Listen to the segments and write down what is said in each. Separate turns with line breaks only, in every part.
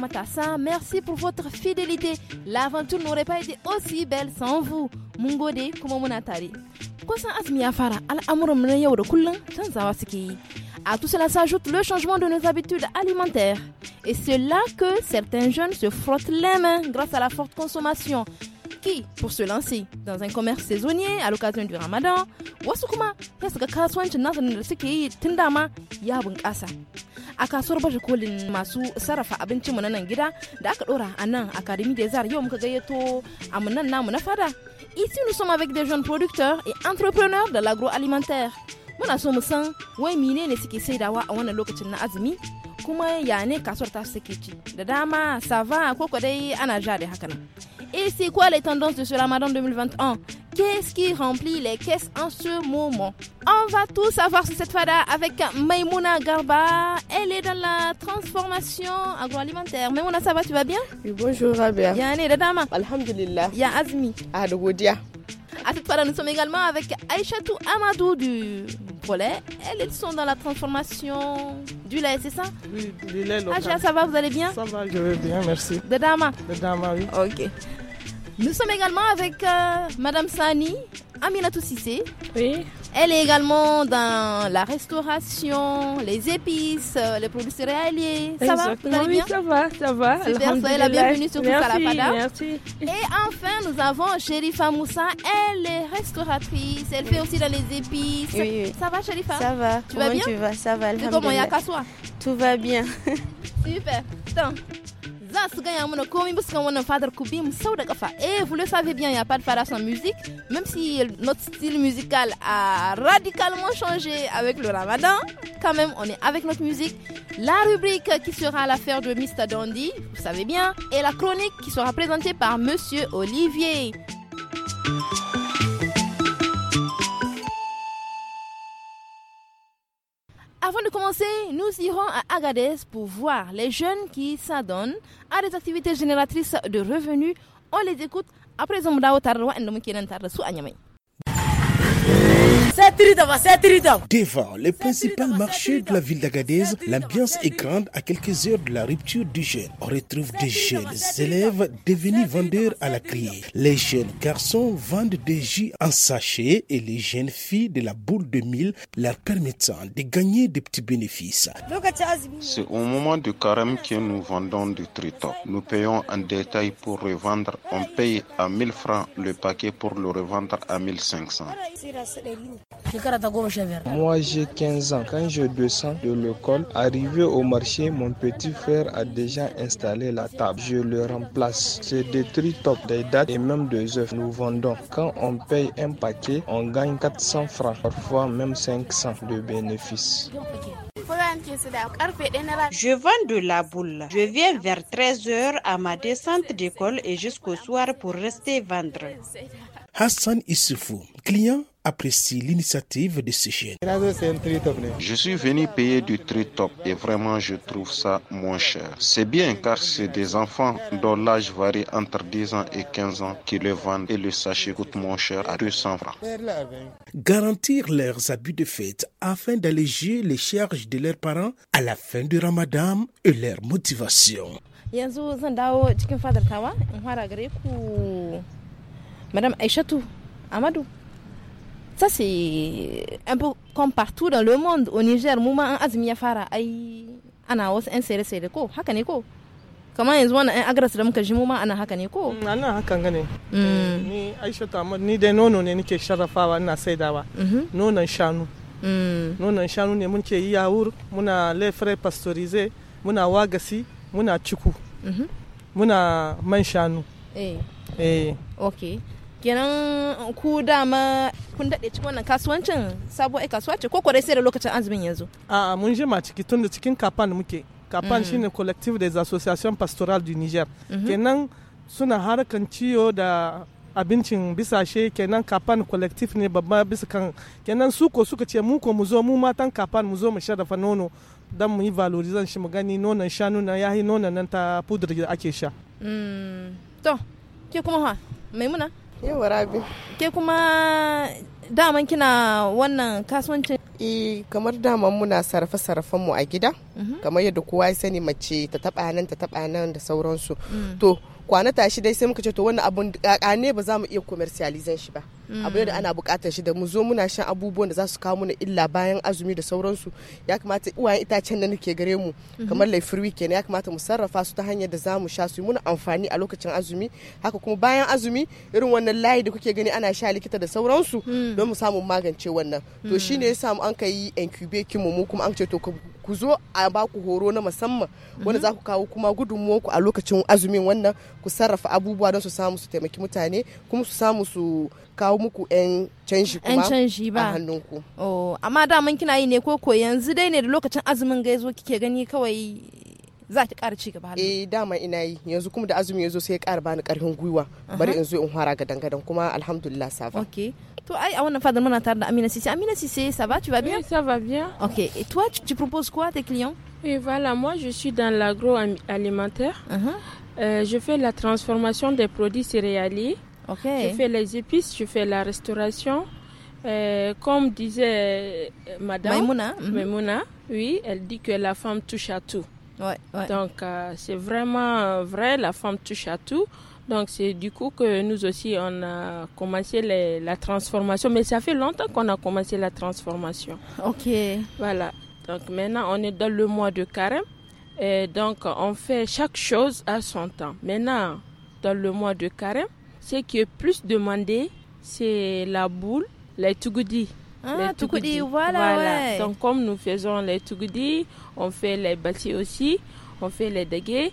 Matasa. merci pour votre fidélité. L'aventure n'aurait pas été aussi belle sans vous. Mungode kuma atari. fara À tout cela s'ajoute le changement de nos habitudes alimentaires. Et c'est là que certains jeunes se frottent les mains grâce à la forte consommation aiki pour se lancer dans un commerce saisonnier à l'occasion du ramadan wasukuma kuma sai su da suke yi tun dama ya bunƙasa a kasuwar baje kolin masu sarrafa abincin mu na nan gida da aka dora a nan academy des arts yau muka gayyato amunan namu na fada ici nous sommes avec des jeunes producteurs et entrepreneurs de l'agroalimentaire muna so mu san wai menene suke saidawa a wannan lokacin na azumi kuma ya ne kasuwar ta suke ci da dama sava ko dai ana ja da haka nan Et c'est quoi les tendances de ce ramadan 2021 Qu'est-ce qui remplit les caisses en ce moment On va tout savoir sur cette fada avec Maimouna Garba. Elle est dans la transformation agroalimentaire. Maimouna, ça va, tu vas bien oui, Bonjour, Rabia. da dama
Alhamdulillah. Ya Azmi. Adoudia.
Ah, à cette fois-là, nous sommes également avec Aïchatou Amadou du elles sont dans la transformation du lait, c'est ça
Oui, du lait ah, local. Ah, ça
va, vous allez bien Ça va, je vais bien,
merci. De Dama De Dama, oui. Ok.
Nous sommes également avec Mme euh, Madame Sani, Amina Sissé. Oui. Elle est également dans la restauration, les épices, euh, les produits céréaliers. Ça va oui, ça va,
ça va. Super, soyez la bienvenue sur la Fada. Merci.
Et enfin, nous avons Sherifa Moussa. Elle est restauratrice. Elle fait aussi dans les épices. Oui, oui. Ça va, Sherifa Ça va. Tu vas bien Tu vas, ça va. Tout Tout va bien. Super. Et eh, vous le savez bien, il n'y a pas de fada sans musique. Même si notre style musical a radicalement changé avec le ramadan, quand même, on est avec notre musique. La rubrique qui sera l'affaire de Mr. Dandy, vous savez bien. Et la chronique qui sera présentée par Monsieur Olivier. Avant de commencer, nous irons à Agadez pour voir les jeunes qui s'adonnent à des activités génératrices de revenus. On les écoute après Zambrao Tarwa et Tarasu Anyamay.
Devant le principal marché de la ville d'Agadez, l'ambiance est grande à quelques heures de la rupture du jeûne. On retrouve des jeunes élèves devenus vendeurs à la criée. Les jeunes garçons vendent des jus en sachet et les jeunes filles de la boule de mille leur permettant de gagner des petits bénéfices. C'est au moment du carême que nous vendons du triton. Nous payons en détail pour revendre. On paye à 1000 francs le paquet pour le revendre à 1500. Moi j'ai 15 ans. Quand je descends de l'école, arrivé au marché, mon petit frère a déjà installé la table. Je le remplace. C'est des tri des dates et même des œufs. Nous vendons. Quand on paye un paquet, on gagne 400 francs, parfois même 500 de bénéfices.
Je vends de la boule. Je viens vers 13h à ma descente d'école et jusqu'au soir
pour rester vendre.
Hassan Issoufou, client apprécie l'initiative de ces jeunes. Je suis venu payer du top et vraiment je trouve ça moins cher. C'est bien car c'est des enfants dont l'âge varie entre 10 ans et 15 ans qui le vendent et le sachet coûte moins cher à 200 francs. Garantir leurs abus de fête afin d'alléger les charges de leurs parents à la fin du ramadan et leur motivation.
Madame Aïchatou, Amadou, ça c'est un peu comme partout dans le monde au Niger Mouma, an azumi ya fara ai ana wasu yan sayar sayar ko haka ne ko kamar yanzu wannan yan agras da muka ji muma ana haka ne ko mm, ana
haka gane mm. eh, ni Aisha Tamar ni dai nono ne nake sharrafawa ina saidawa mhm. nonon shanu mm. nonon shanu ne mun ke yi yawur muna lefre pasteurize muna wagasi muna ciku mhm. muna man shanu eh eh
okay kenan ku dama kun daɗe cikin wannan kasuwancin ai kasuwa ce ko kwarai sai da lokacin azumin yanzu
a'a mun jima ciki tun da cikin kapan muke kapan mm. shine collective des associations pastorales du niger mhm. kenan suna harkan ciyo da abincin bisashe kenan kapan collective ne babba bisa kan kenan su ko suka ce mu ko mu zo mu matan kapan mu zo mu sharafa nono Dan mu yi valorizan shi mu gani nonon shanu na yahi nonon nan ta pudur da ake sha
mm. to
ke kuma ha maimuna Yawa rabi. Ke kuma daman kina wannan kasuwancin? E kamar dama muna sarfa sarfan mu a gida. Mhm. Kamar yadda kowa ya sani mace ta taɓa nan ta taɓa nan da sauransu. Mm. To kwana tashi dai sai muka ce to wannan abun ne ba za mu iya commercializan shi ba mm. abu ne da ana bukatar shi da mu zo muna shan abubuwan da za su kawo mana illa bayan azumi da sauransu ya kamata uwaye itacen da nake gare mu mm-hmm. kamar laifirwi kenan ya kamata mu sarrafa su ta hanyar da za mu sha su muna amfani a lokacin azumi haka kuma bayan azumi irin wannan layi da kuke gani ana sha likita da sauransu mm. don mu samu magance wannan to mm. shine ya samu an kai yi incubating mu kuma an ce to ku zo a ba ku horo na musamman mhm. wanda za ku kawo kuma ku a lokacin azumin wannan ku sarrafa abubuwa don su samu su taimaki mutane kuma su samu su kawo muku 'yan canji kuma canji ba a hannunku. Amma
oh, amma daman kina yi ne ko ko yanzu dai ne da lokacin azumin gaizo kike gani kawai
za ki ƙara cigaba eh dama ina yi yanzu kuma da azumi ya zo sai ya ƙara bani ƙarfin gwiwa bari in zo in fara gadan gadan kuma alhamdulillah safa okay
Ah, on a Amina Sissé.
Amina ça va Tu vas bien Oui, ça va bien. Ok. Et toi, tu, proposes quoi à tes clients Oui, voilà. Moi, je suis dans l'agroalimentaire. Uh-huh. Euh, je fais la transformation des produits céréaliers. Ok. Je fais les épices, je fais la restauration. Euh, comme disait euh, Madame Maimouna, mm oui, elle dit que la femme touche à tout. Ouais, Donc, c'est vraiment vrai, la femme touche à tout. Donc c'est du coup que nous aussi, on a commencé la transformation. Mais ça fait longtemps qu'on a commencé la transformation. Ok. Voilà. Donc maintenant, on est dans le mois de carême. Et donc, on fait chaque chose à son temps. Maintenant, dans le mois de carême, ce qui est plus demandé, c'est la boule, les tougoudis. Ah, les tougoudis, voilà. voilà. Donc, comme nous faisons les tougoudis, on fait les bâtis aussi, on fait les dégués.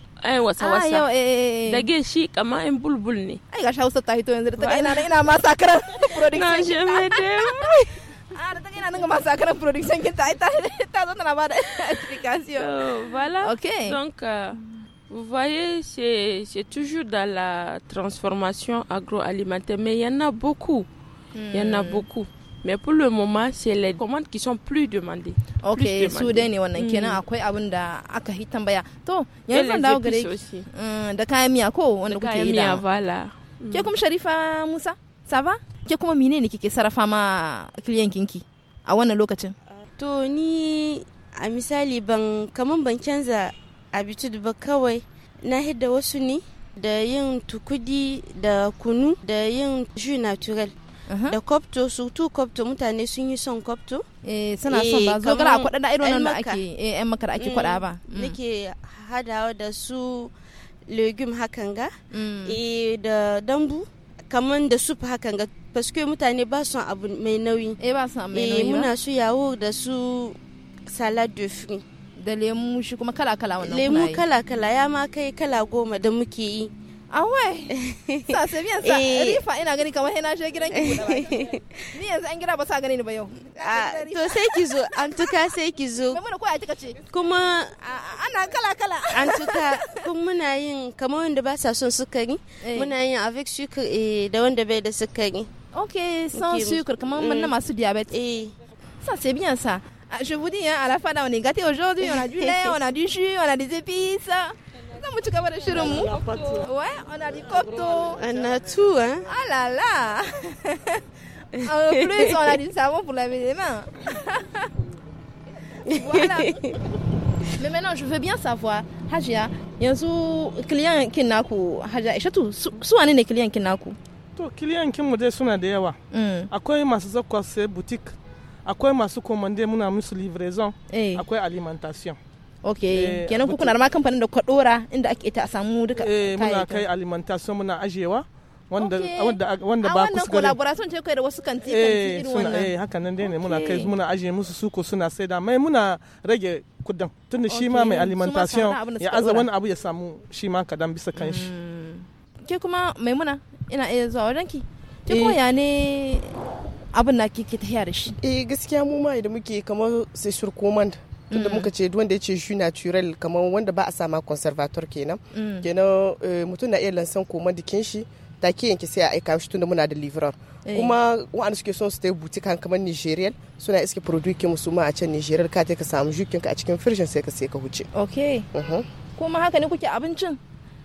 ai eh, wasa ah, wasa eh, eh, dage shi kama in
bulbul ne ai gashi hausa ta hito yanzu da ta ina ina ma sakarar production na je me dem ah da ta ina nan ma sakarar production kin ta ta zo tana ba da explication
voilà okay donc euh, Vous voyez, c'est toujours dans la transformation agroalimentaire, mais il y en a beaucoup. Il y en a hmm. beaucoup. mais pour le moment c'est les commandes qui sont plus demandées ok su dai ne wannan kenan
akwai abin da aka yi tambaya to yanzu zan dawo gare ki mm, da kayan miya ko wanda kuke yi da ke kuma sharifa musa saba ke kuma menene kike sarrafa ma kiliyankinki a wannan lokacin
to ni a misali ban kaman ban canza abitud ba kawai na hidda wasu ne da yin tukudi da kunu da yin jus naturel. da kwabto su tu kwabto mutane sun yi son kwabto eh suna son eh, ba zo gara kwada da irin wannan da ake eh yan makar ake kwada ba mm, mm. nake hadawa da su legume hakan ga mm. eh da dambu kaman da soup hakan ga paske mutane ba son abu mai nauyi eh ba son mai eh, nauyi muna su yawo da su salad de fruits da
lemu shi kuma kala kala wannan lemu kala kala ya ma kai kala goma da muke yi Ah ouais? Sa sai miyan sa rifa ina gani kamar na je gidan ki Ni yanzu an gida ba sa gani ni ba yau. To sai ki zo, an tuka sai ki zo. Mai mana koya kika ce? Kuma ana kala
kala. An tuka kuma muna yin kamar wanda ba sa son sukari, muna yin avec sucre da wanda bai da sukari.
Ok, sans sucre, comment maintenant ma sous diabète eh. Ça c'est bien ça. Ah, je vous dis, hein, à la fin, on est gâtés aujourd'hui, on a du lait, on a du jus, on a des épices. Ouais, on a du On a tout, hein. Ah là là. en plus, on a du savon pour laver les mains. voilà. Mais maintenant, je veux bien savoir, Hajia, un client kin naku, Hajia, il y a un client qui n'a naku?
To, client qui kin mu suna da Akwai masu se boutique, akwai masu commande muna musu livraison, akwai eh. alimentation.
ok eh, kenan ku kuna ma kamfanin da kuka dora inda ake ta a samu duka eh muna kai
alimentation muna ajewa wanda okay. wanda wanda ba ku wannan collaboration
ce kai da wasu kanti kanti eh, irin wannan eh
haka nan dai ne muna kai muna aje musu suko suna saida mai muna rage kudin tunda shi ma mai alimentation ya aza wani abu ya samu shi ma kadan bisa kanshi hmm.
ke kuma muna ina iya zuwa wajen ki
ke kuma eh. ya ne abin na ke ta da shi eh gaskiya mu ma idan muke kamar sai surkomanda tunda mm. muka ce wanda ya ce jus natural kamar wanda ba a sama conservator kenan mm. kenan eh, mutum na iya lansan koma dikin shi ta yanke sai a aika shi tunda muna da livrar. Eh. kuma wa'anda suke son su ta butik kan kamar nigeria suna iske produit ke musu ma a can nigeria ka ta ka samu jukin ka a cikin firshin sai ka sai ka huce ok mhm.
kuma haka ne kuke abincin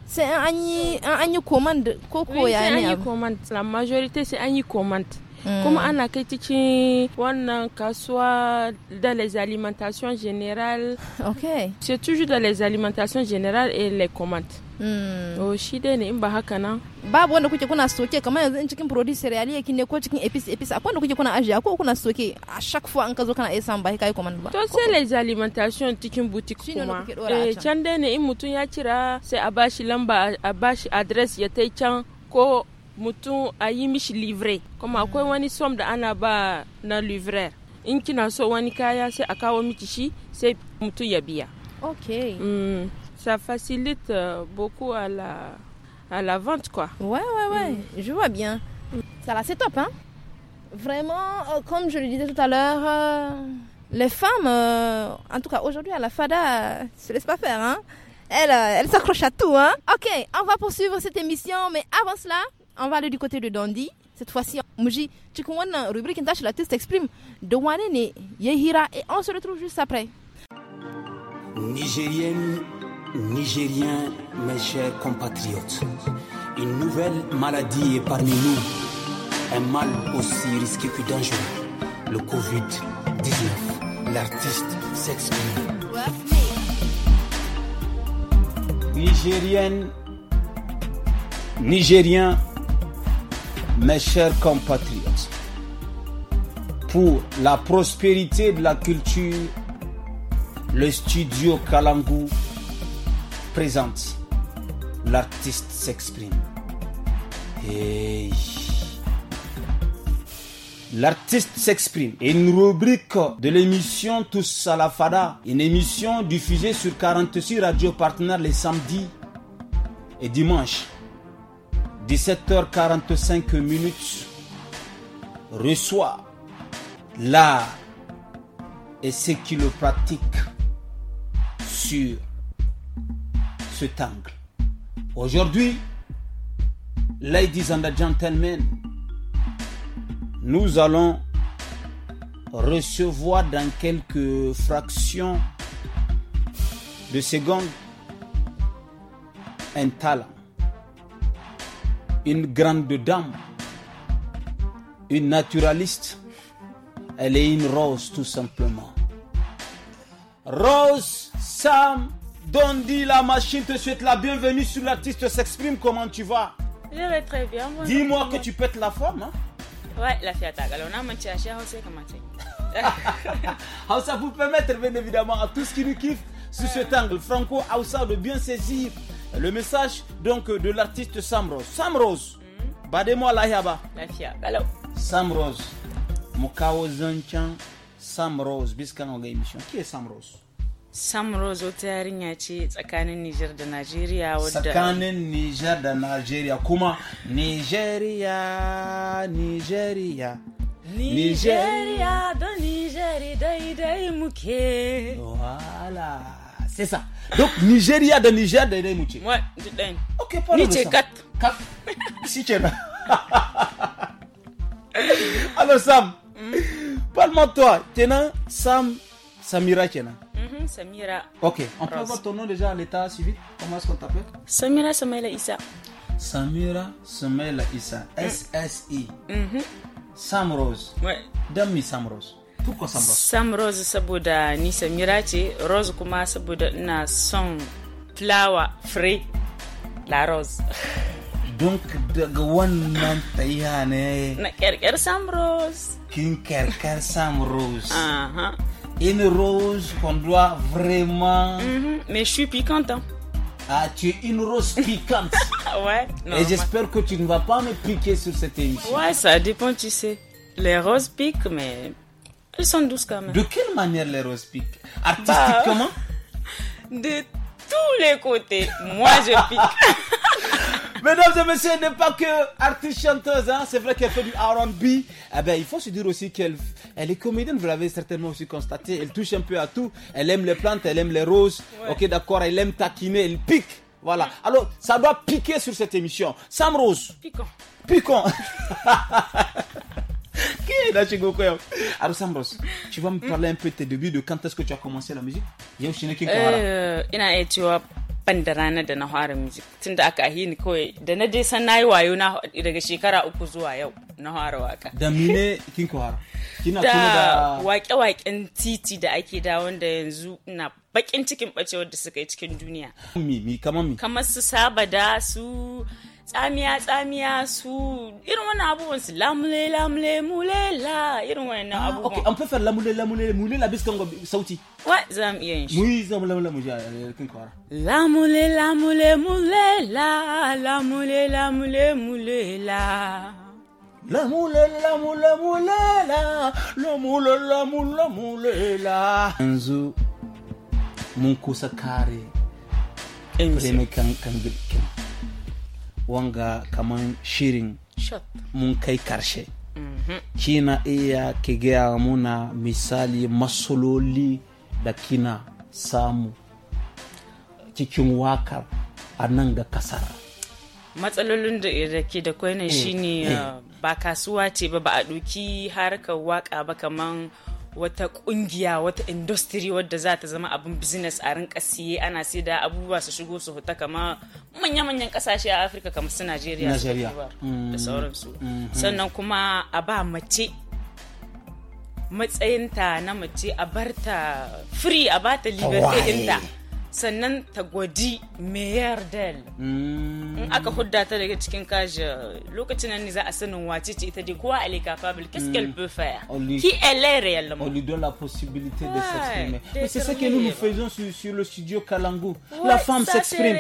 sai an yi an yi command ko koya ne an yi command la majorité sai an yi command kuma mm. ana kai cikin wannan kasuwa da les alimentation générale ok c'est toujours da les alimentation générale et les commandes
Mm.
Oh, shi dai ne in ba haka nan. Babu wanda kuke kuna soke kamar yanzu in cikin produce cereal yake ne ko cikin epis epis akwai wanda kuke kuna ajiya
ko kuna soke a chaque fois an ka zo kana iya samun bai kai kuma ba. To sai
les alimentation cikin boutique kuma. Eh can dai ne in mutum ya kira sai a bashi lamba a bashi address ya tai can ko Mouton a yi mishi wani ana ba na livre in kina so wani kaya sai a kawo miki ya ok mm, ça facilite euh, beaucoup à la, à la vente quoi ouais ouais ouais mm. je vois bien ça là c'est top hein
vraiment euh, comme je le disais tout à l'heure euh, les femmes en tout cas aujourd'hui à la fada se laisse pas faire hein elle, elle s'accroche à tout, hein. Ok, on va poursuivre cette émission, mais avant cela, on va aller du côté de Dondi. Cette fois-ci, Mouji, tu connais rubrique l'artiste exprime. De Yehira, et on se retrouve juste après.
Nigérienne, Nigérien, mes chers compatriotes, une nouvelle maladie est parmi nous. Un mal aussi risqué que dangereux, le Covid-19. L'artiste s'exprime. Nigérienne, Nigérien, mes chers compatriotes, pour la prospérité de la culture, le studio Kalangu présente L'artiste s'exprime. et « L'artiste s'exprime. Une rubrique de l'émission Tous à une émission diffusée sur 46 radios partenaires les samedis et dimanches 17h45 minutes, reçoit l'art et ce qui le sur cet angle. Aujourd'hui, ladies and gentlemen, nous allons recevoir dans quelques fractions de secondes un talent une grande dame, une naturaliste. Elle est une rose tout simplement. Rose Sam Dondi, la machine te souhaite la bienvenue sur l'artiste s'exprime. Comment tu vas
Je vais très bien. Dis-moi que tu
peux pètes la forme. Hein?
Ouais, la fiat Alors, on a menti à chercher. on sait
ça vous permettre, bien évidemment, à tout ce qui nous kiffe sous cet angle franco-hausa de bien saisir le message donc de l'artiste Samrose. Samrose, Sam Rose, mm bademo lahiyaba. Lafiya, kalau. Sam Rose, mu Samrose. Sam Rose biskan ga emission. Ki Sam Rose? Sam Rose
wata ce Niger de Nigeria, Sakane
tsakanin Niger de Nigeria, kuma Nigeria Nigeria Nigeria
Nigeria, Nigeri daidai muke. Voilà,
c'est ça. Donc, Nigeria de Niger de
Moi, Ouais, Ok, Ni 4.
Si, tu es là. Alors Sam, mm-hmm. parle-moi de toi. Tenant Sam Samira tu Mm
mm-hmm, Samira.
Ok, on peut avoir ton nom déjà à l'état civil Comment est-ce qu'on t'appelle
Samira Samela Issa.
Samira Samaila Issa. Mm. S-S-I. Mm-hmm. Sam Rose. Ouais. Dame Sam Rose pourquoi Sam Rose
Sam Rose saboda ni ce Rose kuma saboda ina son flower free la Rose
donc daga wannan tsayiha ne na
kyarkyar Sam Rose
kin kyarkyar Sam Rose Aha. une rose qu'on doit vraiment mhm, mais je suis piquante hein. Ah, tu es une rose piquante. Ah ouais. Non, Et j'espère que tu ne vas pas me piquer sur cette émission.
Ouais, ça dépend, tu sais. Les roses piquent, mais elles sont douces quand même. De
quelle manière les roses piquent Artistiquement bah,
De tous les côtés. Moi, je pique.
Mesdames et messieurs, elle n'est pas que artiste chanteuse, hein. c'est vrai qu'elle fait du RB. Eh ben, il faut se dire aussi qu'elle elle est comédienne, vous l'avez certainement aussi constaté. Elle touche un peu à tout. Elle aime les plantes, elle aime les roses. Ok, d'accord, elle aime taquiner, elle pique. Voilà. Alors, ça doit piquer sur cette émission. Sam Rose. Piquant. Piquant. Dashi Goko yau. Arusambos, tu vas me hmm. parler un peu de tes débuts, de quand est-ce que tu as commencé la musique? Yau shi ne kin kamara.
Ina iya cewa ban da ranar da na fara music tun da aka ahi ni kawai da na je san nayi wayo na daga shekara uku zuwa yau na fara waka da
mine kin ko fara kina da
wake waken titi da ake da wanda yanzu na bakin cikin bacewar da suka yi cikin duniya
mi kamar mi
kamar su sabada su tsamiya tsamiya su irin wannan abubuwan su lamule lamule mulela irin
wannan ah, abubuwan okay an fefar lamule lamule mulela bis kan sauti wa zam iya yin shi muyi zam lamule mu ja eh, kin kwara
lamule lamule mulela lamule lamule mulela
La lamule lamule mule la lamule lamule mule la yanzu mun kusa kare kan kan wanga kaman shirin mun kai karshe mhm. kina iya ki gaya muna misali masololi da kina samu cikin wakar a nan ga kasar
matsalolin da ke da kwanan eh, shine eh. Uh, ba kasuwa ce ba ba a ɗoki harkar waka ba kaman wata kungiya wata industry wadda za ta zama abin business a rinka siye ana sai da abubuwa su shigo su fita kama manya-manyan kasashe a afirka kamar su nigeria da mm. sauransu mm-hmm. sannan kuma a ba mace matsayinta na mace a barta free a bata liberty inta sannan ta gwaji mayar del hmm. in aka hudda ta daga cikin kaji lokacin nan ne za a sanin wace ce ita dai kowa elle hmm. est capable qu'est-ce qu'elle peut faire
qui elle est réellement on lui donne la possibilité de s'exprimer mais c'est ce que nous nous faisons sur, sur le studio Kalangu la femme s'exprime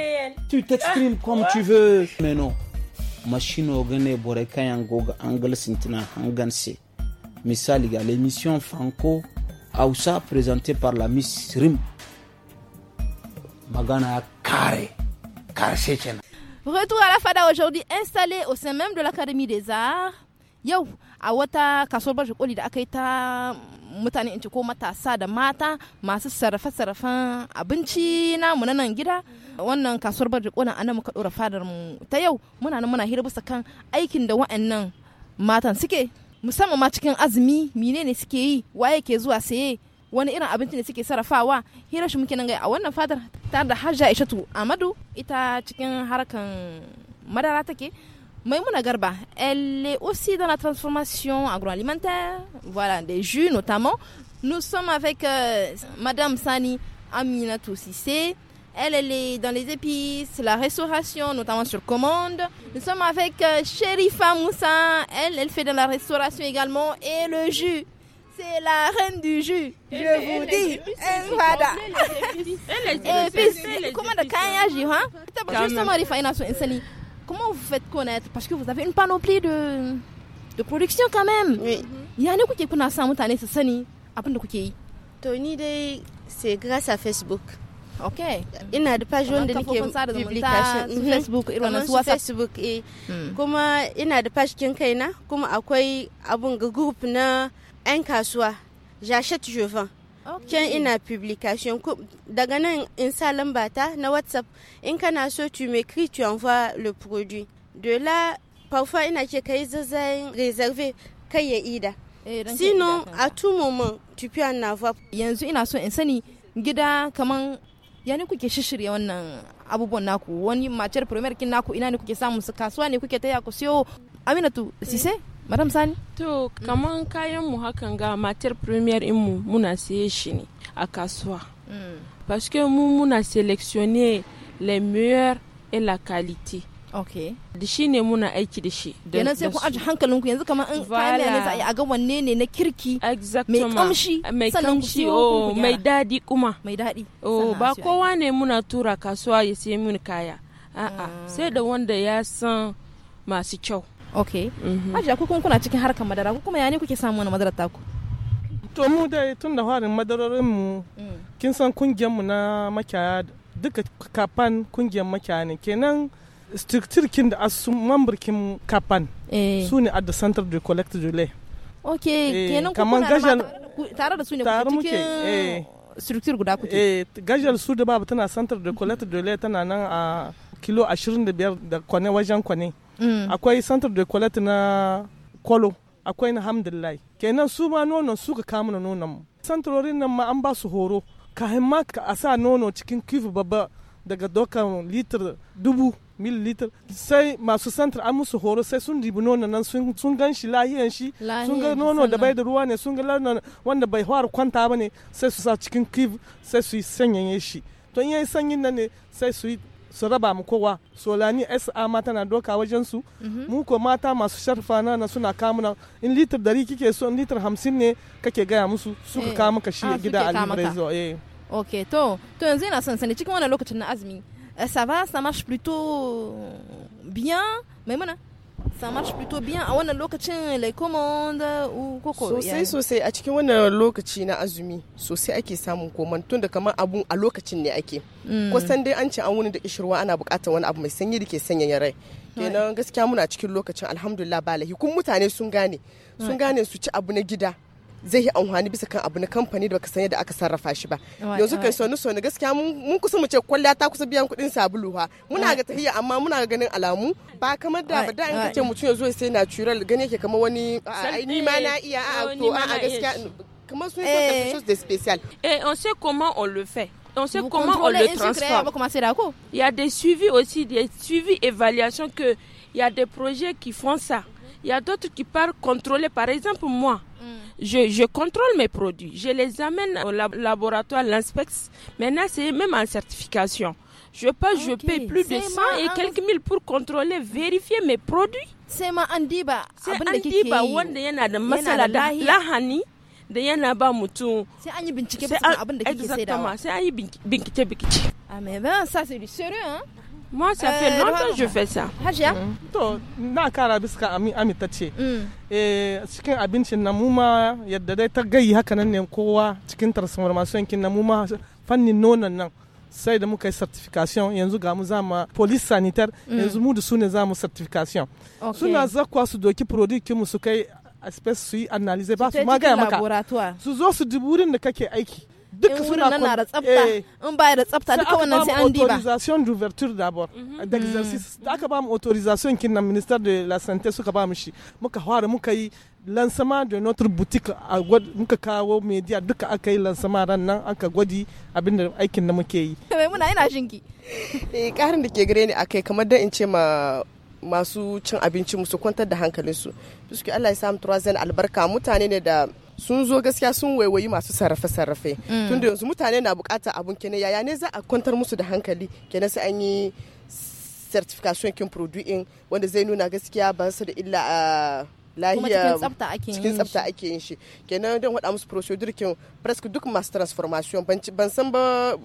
tu t'exprimes ah, comme tu veux mais non machine ogane bore kayan goga angle sintina hanganse misali ga l'émission franco Aoussa présenté par la Miss Rim magana kare karshe kenan
Retour à la FADA aujourd'hui installé au sein même de l'Académie des Arts. yo a wata kasuwar bashi koli da aka yi ta mutane in ci ko matasa da mata masu sarrafe-sarrafen abinci na na nan gida wannan kasuwar bashi kolin a nan muka dora fadar mu ta yau muna nan muna hira bisa kan aikin da wa'annan matan suke musamman ma cikin azumi menene suke yi waye ke zuwa saye elle est aussi dans la transformation agroalimentaire, voilà, des jus notamment. Nous sommes avec Mme euh, Madame Sani Aminatou Sissé. Elle, elle est dans les épices, la restauration, notamment sur commande. Nous sommes avec Sherifa euh, Moussa. Elle, elle fait de la restauration également et le jus. C'est la reine du jus. Je vous dis, fada. Épices. Comment de kaya jus, hein Justement, les finances insani. Comment vous faites connaître Parce que vous avez une panoplie de, de production quand même. Oui. Il y a un qui kuna samu tane su sani abin da kuke yi. Tony dai c'est grâce à Facebook.
Ok. Il Ina pas page wanda nake publication su Facebook irin na WhatsApp. Facebook et Kuma ina da page kin kaina kuma akwai abun ga group na 'yan kasuwa jachet jovan ken ina publication daga nan in sa lambata na whatsapp in kana so tu m'écris tu envoies le produit de là parfois ina ce kai zazzayin reserve kai ya eh, ida sinon
a tout moment tu peux en avoir yanzu ina so in sani gida kaman ya ne kuke shishirya wannan abubuwan naku wani macer premier kin naku ina ne kuke samun su kasuwa ne
kuke taya ku siyo aminatu sise madam sani to kaman kayan mu hakan ga matar premier in mu muna saye shi ne a kasuwa mm. parce que mu muna sélectionner les meilleurs et la qualité ok da shi ne muna aiki da shi kenan sai ku aji
hankalinku yanzu kaman in kayan ne za a yi a
ga wanne ne na kirki mai kamshi mai kamshi oh mai dadi kuma mai dadi oh ba kowa ne muna tura kasuwa ya sayi mun kaya a'a mm. sai da wanda ya san masu kyau
okay mhm. hajiya ku kuma kuna cikin harkar madara ku kuma ya ne kuke samu wani madara taku
to mu dai tun da harin madarorin mu mm. kin san kungiyar mu na makiyaya duka kafan kungiyar makiyaya ne kenan structure da asu mamburkin kafan eh. su ne at the center de de relay
ok eh, kenan da tare da su ne ku cikin eh.
structure guda kuke eh gajal su da babu tana center de de relay tana nan a kilo 25 da kwane wajen kwane Mm. akwai santar da kwalat na kwalo akwai na hamdullahi kenan su ma su suka kama na nonon mu santarorin nan ma an ba su horo kahin ma a sa nono cikin kifi babba daga dokan litir dubu mililitar sai masu santar an musu horo sai sun dibi nono nan sun gan shi lahiyan shi sun ga nono da bai da ruwa ne sun ga nono wanda bai fara kwanta ba ne sai su sa cikin kif sai su yi sanyanye shi to in yi sanyin nan ne sai su yi su raba mu kowa solani sa ma tana doka wajen su mhm. mu ko mata masu sharfa na suna kamuna in litar dari kike so in litar hamsin ne kake gaya musu suka eh. kama ka shi ah, gida a limrezo eh.
ok to to yanzu yana son sani cikin wannan lokacin na azumi eh, ça va ça marche plutôt bien maimuna ça marche plutôt bien a wannan lokacin les commandes ou koko sosai sosai
a cikin wannan lokaci na azumi sosai ake samun koman tun da kamar abun a lokacin ne ake mm. kusan dai an ce an wuni da kishirwa ana bukatar wani abu mai sanyi da ke sanyaya rai kenan gaskiya muna cikin lokacin alhamdulillah ba lahi kun mutane sun gane sun gane su ci abu na gida zai yi amfani bisa kan abu na kamfani da baka san yadda aka sarrafa shi ba yanzu kai sonu sonu gaskiya mun kusa mu ce kwalliya ta kusa biyan kuɗin sabulu ha muna ga tahiyya amma muna ganin alamu ba kamar da ba da in kace mutum zo sai natural gani yake kamar wani ni ma na iya a to a gaskiya
kamar sun yi eh. quelque chose
de spécial et
eh, on sait comment on le fait on sait Vous comment on le eh, transforme. Il y a des suivis aussi, des suivis évaluations que il y a des projets qui font ça. Il y a d'autres qui partent contrôler. Par exemple, moi, mm. je, contrôle mes produits. Je les amène au laboratoire, l'inspecte. Maintenant, c'est même en certification. Je paie paye plus de 100 et quelques mille pour contrôler, vérifier mes produits. C'est ma andiba. C'est andiba. handiba yana da masala da lahani. da yana ba mutum C'est ma yi C'est ma abin C'est kike saidawa C'est ma
ah mais ben ça c'est du sérieux hein Moi, ça euh, fait longtemps que je fais ça. Hajiya? Mm.
To, na kara bisa ka amita ce. Mm. Eh, cikin abincin na muma yadda dai ta gayi haka nan ne kowa cikin tarsamar masu yankin na muma fannin nonon nan. sai da muka yi certification yanzu ga mu za mu police sanitaire mm. yanzu mu da su ne za mu certification suna zakwa su doki product mu su kai espèce su yi analyse ba su magaya maka su zo su duburin da kake aiki duk suna nan na da tsafta eh. in baya da tsafta duka wannan sai an diba autorisation d'ouverture d'abord mhm. d'exercice da aka ba mu autorisation kin na minister de la santé suka ba mu shi muka fara muka yi lansama de notre boutique a muka kawo media duka aka yi lansama ran nan aka gwadi abinda aikin da muke yi
kai muna ina shinki eh karin da ke gare ni akai kamar dan in ce ma masu cin abinci musu kwantar da hankalinsu su suke Allah ya samu turazen albarka mutane ne da sun zo gaskiya sun waiwayi masu sarrafe-sarrafe mm. da yanzu mutane na bukata abun kenan yaya ne za a kwantar musu da hankali kenan sai an yi certification kin produit in wanda zai nuna gaskiya ba su da illa a lahiya cikin tsafta ake yin shi kenan don wada musu procedure kin presque duk masu transformation ban san ba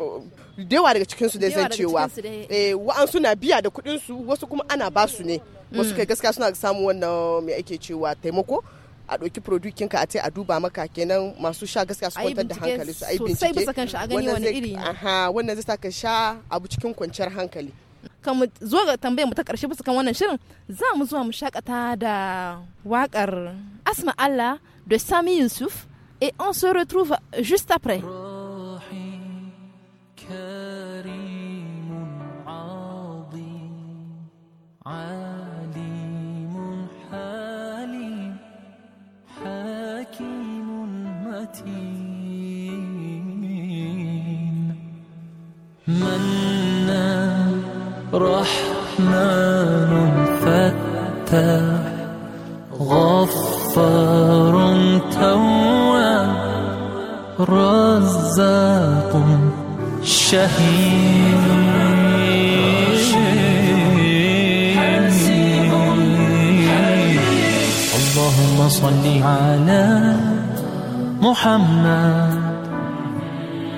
da yawa daga cikinsu dai zan cewa eh, wa'ansu na biya da su wasu kuma ana basu ne wasu mm. kai gaskiya suna samun wannan mai ake cewa taimako a ɗauki produkin ka a ce a duba maka kenan masu sha gaskiya su kwantar da hankali su ai bincike bisa kan sha a gani wani iri aha wannan zai saka sha abu cikin kwanciyar hankali
kan mu zo ga tambayar mu ta karshe bisa kan wannan shirin za mu zuwa mu shakata da wakar Asma Allah da Sami Yusuf et on se retrouve juste après كريم
عظيم متين منا رحمن فتح غفار تواب رزاق شهيد اللهم على محمد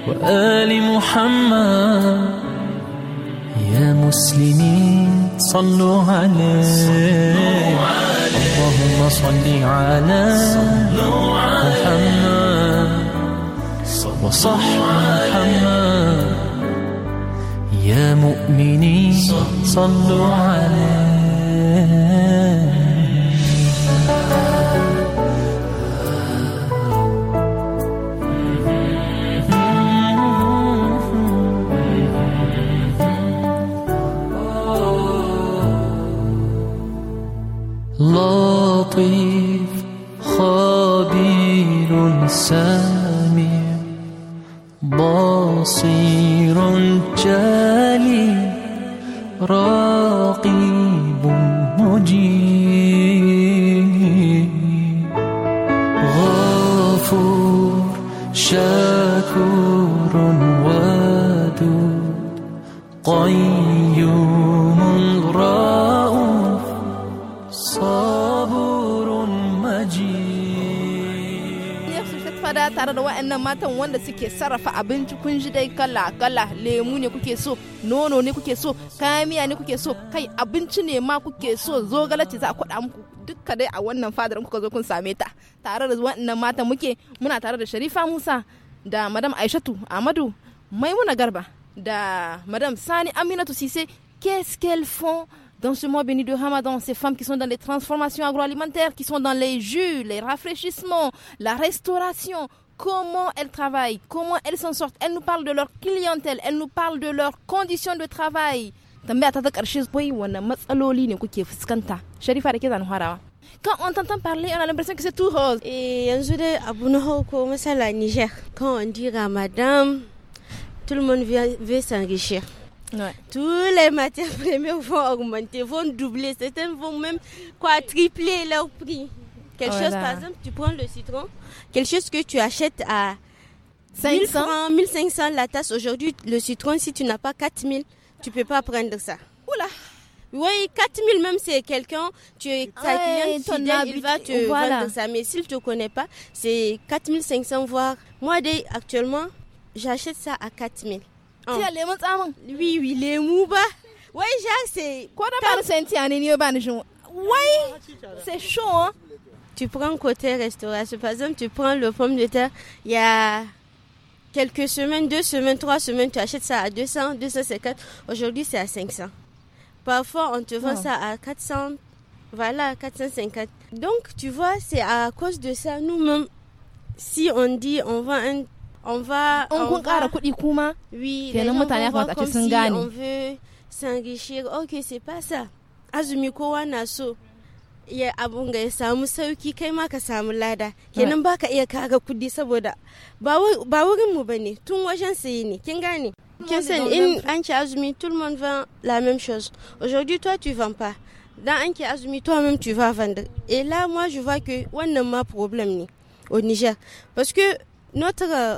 وآل محمد يا مسلمين صلوا عليه اللهم صل على محمد وصح محمد يا مؤمنين صلوا عليه لطيف خبير سامع بصير جالي رأي
wa'annan matan wanda suke sarrafa abinci kun ji dai kala kala lemu ne kuke so nono ne kuke so kayan miya ne kuke so kai abinci ne ma kuke so zogala ce za a kwaɗa muku dukka dai a wannan fadar kuka zo kun same ta tare da wannan matan muke muna tare da Sharifa Musa da Madam Aishatu Amadu Maimuna Garba da Madam Sani Aminatu Sise keskel ce dans ce mois béni de Ramadan, ces femmes qui sont dans les transformations agroalimentaires, qui sont dans les jus, les rafraîchissements, la restauration, comment elles travaillent, comment elles s'en sortent. Elles nous parlent de leur clientèle, elles nous parlent de leurs conditions de travail. Quand on t'entend parler, on a l'impression que c'est tout rose.
quand on dit Ramadan, tout le monde veut s'enrichir. Tous les matières premières vont augmenter, vont doubler. Certains vont même quoi, leur prix. Quelque chose, par exemple, tu prends le citron, quelque chose que tu achètes à 500. 1500 la tasse. Aujourd'hui, le citron, si tu n'as pas 4000, tu peux pas prendre ça. Oula! Oui, 4000 même c'est quelqu'un, tu es très il va te vendre ça. Mais s'il te connaît pas, c'est 4500 voire. Moi, actuellement, j'achète ça à 4000. Oui, oui, les Oui, oui, les ba. Oui, Jacques c'est. quoi senti un c'est chaud Tu prends côté restauration, par exemple, tu prends le pomme de terre, il y a quelques semaines, deux semaines, trois semaines, tu achètes ça à 200, 250. Aujourd'hui, c'est à 500. Parfois, on te vend ah. ça à 400, voilà, 450. Donc, tu vois, c'est à cause de ça, nous-mêmes, si on dit on vend un on va on, on va kuma oui les gens vont voir comme si on veut s'enrichir ok c'est pas ça azumi kowa na so ya abun ga ya samu sauki kai ma ka samu lada kenan baka iya kaga kudi saboda ba wurin mu bane tun wajen sayi ne kin gane kin san in an ci azumi tout le monde vend la même chose aujourd'hui toi tu vends pas dans an ki azumi toi même tu vas vendre et là moi je vois que wannan ma problème ne au Niger parce que notre euh,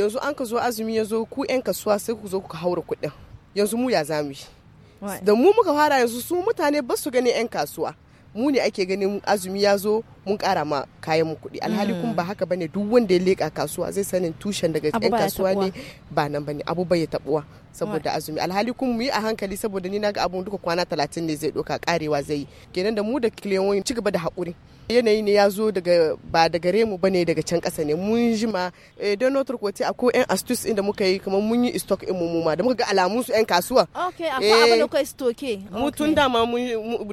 yanzu an ka zo azumi ya zo ku 'yan kasuwa sai ku zo ku haura kuɗin yanzu mu ya zamu yi da mu muka fara yanzu su mutane ba su gani 'yan kasuwa mu ne ake ganin azumi ya zo mun kara ma kayan mu kuɗi alhali kun ba haka bane duk wanda ya leka kasuwa zai sanin tushen daga yan kasuwa ne ba nan bane abu bai tabuwa saboda azumi alhali kun mu yi a hankali saboda ni naga abun duka kwana 30 ne zai doka karewa zai kenan da mu da kiliyoyin ci gaba da haƙuri yanayi ne ya zo daga ba daga remu ba ne daga can ƙasa ne mun ji ma eh, don notar ko a ko yan astus inda muka yi kamar mun yi stock in mu ma da muka ga alamun su yan kasuwa okay akwai abin da eh, kai stoke mu tun da ma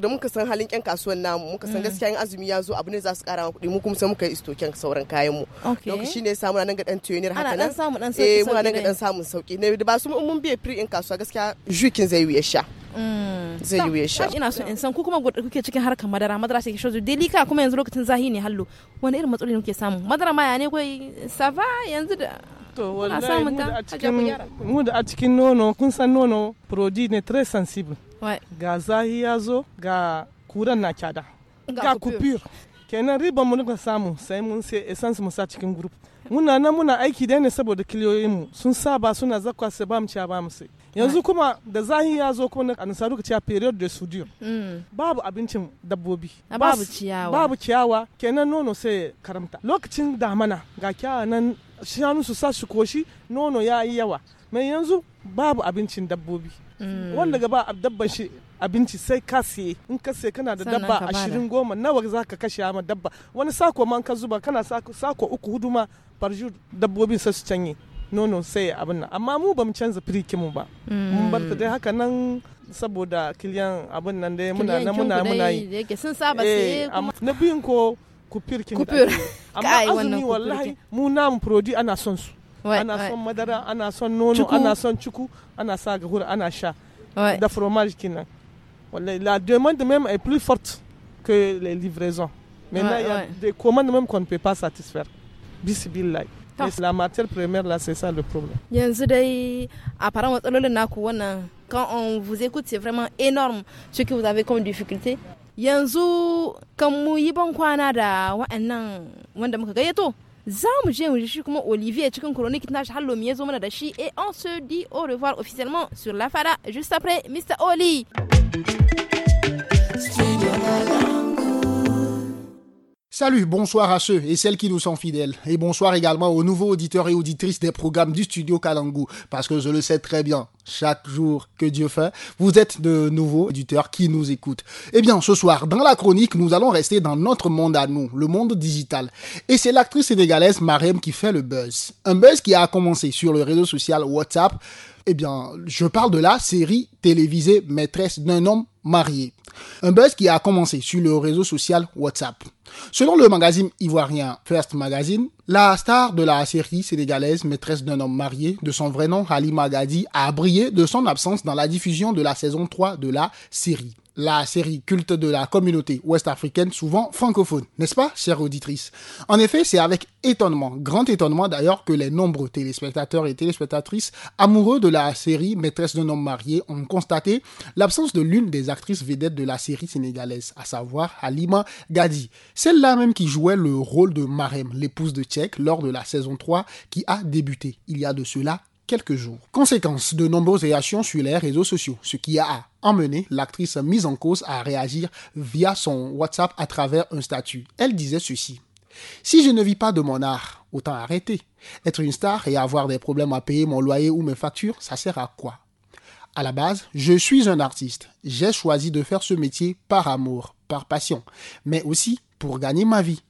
da muka san halin yan kasuwan namu muka san mm. gaskiya yan azumi ya zo abu ne za su kara kuɗi mu kuma sai muka yi istoken sauran kayan mu lokaci shine ya samu nan ga dan tuyonir haka nan samu dan sauki eh muna nan ga dan samun sauki ne da ba su mun biye free in kasuwa gaskiya jukin zai yi sha zai yi wuya sha mm. ina so in san ku kuma gudu kuke cikin harkar madara madara sai kishozu delika kuma yanzu lokacin
zahi ne hallo wani irin matsaloli kuke samu madara ma ya ne koi safa yanzu da to wallahi
mu da a cikin nono kun san nono produit ne très sensible ga zahi ya zo ga kuran na kyada ga kupir kenan ribar mu muka samu sai mun sai essence mu sa cikin group muna nan muna aiki da ne saboda kiliyoyin mu sun saba suna zakwa su ba mu ci ba mu sai yanzu kuma da zahin ya zo kuma an duka cewa period de studio mm. babu abincin dabbobi babu ciyawa babu ciyawa kenan nono sai karamta lokacin damana ga kyawa nan shanu su sa shi koshi nono ya yi yawa mai yanzu babu abincin dabbobi
Mm. wanda
gaba a dabban shi abinci sai ka siye in ka siye kana da dabba ashirin goma nawa za ka kashe ma dabba wani sako man ka zuba kana sako uku hudu ma farju dabbobin sai su canye nono sai abin nan amma mu mu canza mu ba mm. mun bar ta dai haka nan saboda kiliyan abin nan dai muna na muna muna yi sun saba eh, sai na biyun ko kufir kin amma azumi wallahi mu namu prodi ana son su ana son madara ana son nono ana son cuku ana sa gahur ana sha da fromage kenan la demande même est plus forte que les livraisons mais là il y a des commandes même qu'on ne peut pas satisfaire bisbillah ah. la matière première là c'est ça le problème
yanzu dai apparemment matsalolin naku wannan quand on vous écoute c'est vraiment énorme ce que vous avez comme difficulté yanzu kan mu yi ban kwana da wa'annan wanda muka gayyato Zam, je mu shi kuma Olivier cikin chronique nashi hallo me yazo mana et on se dit au revoir officiellement sur la fara juste après Mr Oli.
Salut, bonsoir à ceux et celles qui nous sont fidèles. Et bonsoir également aux nouveaux auditeurs et auditrices des programmes du studio Kalangu. Parce que je le sais très bien, chaque jour que Dieu fait, vous êtes de nouveaux auditeurs qui nous écoutent. Eh bien, ce soir, dans la chronique, nous allons rester dans notre monde à nous, le monde digital. Et c'est l'actrice sénégalaise Marem qui fait le buzz. Un buzz qui a commencé sur le réseau social WhatsApp. Eh bien, je parle de la série télévisée Maîtresse d'un homme marié. Un buzz qui a commencé sur le réseau social WhatsApp. Selon le magazine ivoirien First Magazine, la star de la série sénégalaise Maîtresse d'un homme marié, de son vrai nom Halima Gadi, a brillé de son absence dans la diffusion de la saison 3 de la série. La série culte de la communauté ouest-africaine, souvent francophone, n'est-ce pas, chère auditrice En effet, c'est avec étonnement, grand étonnement d'ailleurs, que les nombreux téléspectateurs et téléspectatrices amoureux de la série Maîtresse d'un homme marié ont constater l'absence de l'une des actrices vedettes de la série sénégalaise, à savoir Halima Gadi, celle-là même qui jouait le rôle de Marem, l'épouse de Tchèque, lors de la saison 3 qui a débuté il y a de cela quelques jours. Conséquence, de nombreuses réactions sur les réseaux sociaux, ce qui a emmené l'actrice mise en cause à réagir via son WhatsApp à travers un statut. Elle disait ceci. Si je ne vis pas de mon art, autant arrêter. Être une star et avoir des problèmes à payer mon loyer ou mes factures, ça sert à quoi à la base, je suis un artiste. J'ai choisi de faire ce métier par amour, par passion, mais aussi pour gagner ma vie.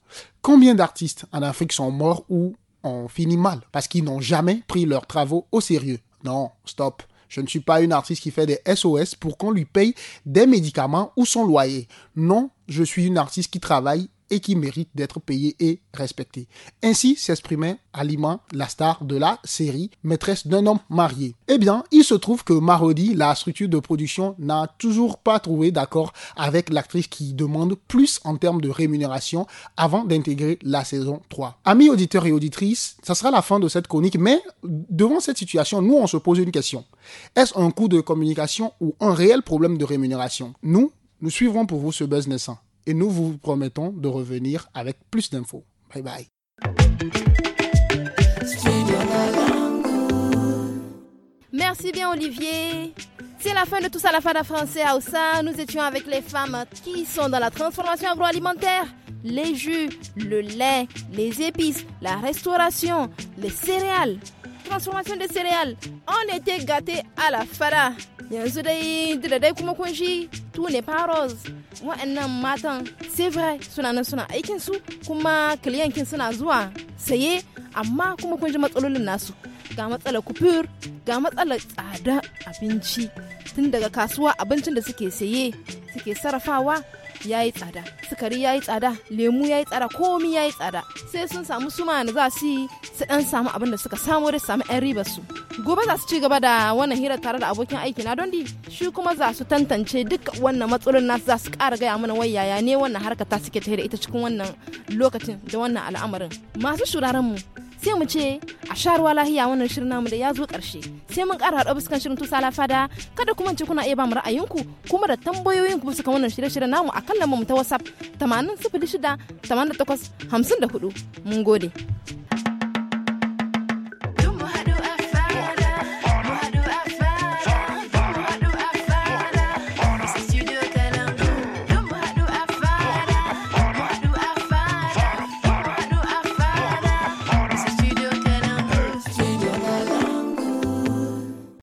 Combien d'artistes en Afrique sont morts ou ont fini mal parce qu'ils n'ont jamais pris leurs travaux au sérieux Non, stop. Je ne suis pas une artiste qui fait des SOS pour qu'on lui paye des médicaments ou son loyer. Non, je suis une artiste qui travaille et qui mérite d'être payé et respecté. Ainsi s'exprimait Alima, la star de la série, maîtresse d'un homme marié. Eh bien, il se trouve que Marodi, la structure de production, n'a toujours pas trouvé d'accord avec l'actrice qui demande plus en termes de rémunération avant d'intégrer la saison 3. Amis auditeurs et auditrices, ça sera la fin de cette chronique, mais devant cette situation, nous, on se pose une question. Est-ce un coup de communication ou un réel problème de rémunération Nous, nous suivrons pour vous ce buzz naissant et nous vous promettons de revenir avec plus d'infos. Bye bye.
Merci bien Olivier. C'est la fin de tout ça, la fada français à Nous étions avec les femmes qui sont dans la transformation agroalimentaire. Les jus, le lait, les épices, la restauration, les céréales. Transformation des céréales. On était gâtés à la fada. yanzu dai da dai kuma kun shi tune paros wa'annan matan sevra suna nan suna aikin su kuma kiliyankin suna zuwa saye amma kuma kun ji matsalolin nasu ga matsalar kufur ga matsalar tsada abinci tun daga kasuwa abincin da suke saye suke sarrafawa ya yi tsada sukari ya yi tsada lemu ya yi tsada komi ya yi tsada sai sun samu suma na za su yi su dan samu abin da suka samu da samu yan ribar su gobe za su ci gaba da wannan hira tare da abokin aiki na dondi shi kuma za su tantance duk wannan matsalolin nasu za su ƙara gaya mana wai yaya ne wannan harka ta suke ta da ita cikin wannan lokacin da wannan al'amarin masu shuraren mu sai mu ce a sharuwa lahiya wannan shirin namu da ya zo karshe sai mun ƙara haɗo fuskan shirin tusa lafada kada kuma ce kuna iya ba mu ra'ayinku kuma da tambayoyin ku kan wannan shirye shirin namu a kan mu ta whatsapp 80 06 88 54 mun gode.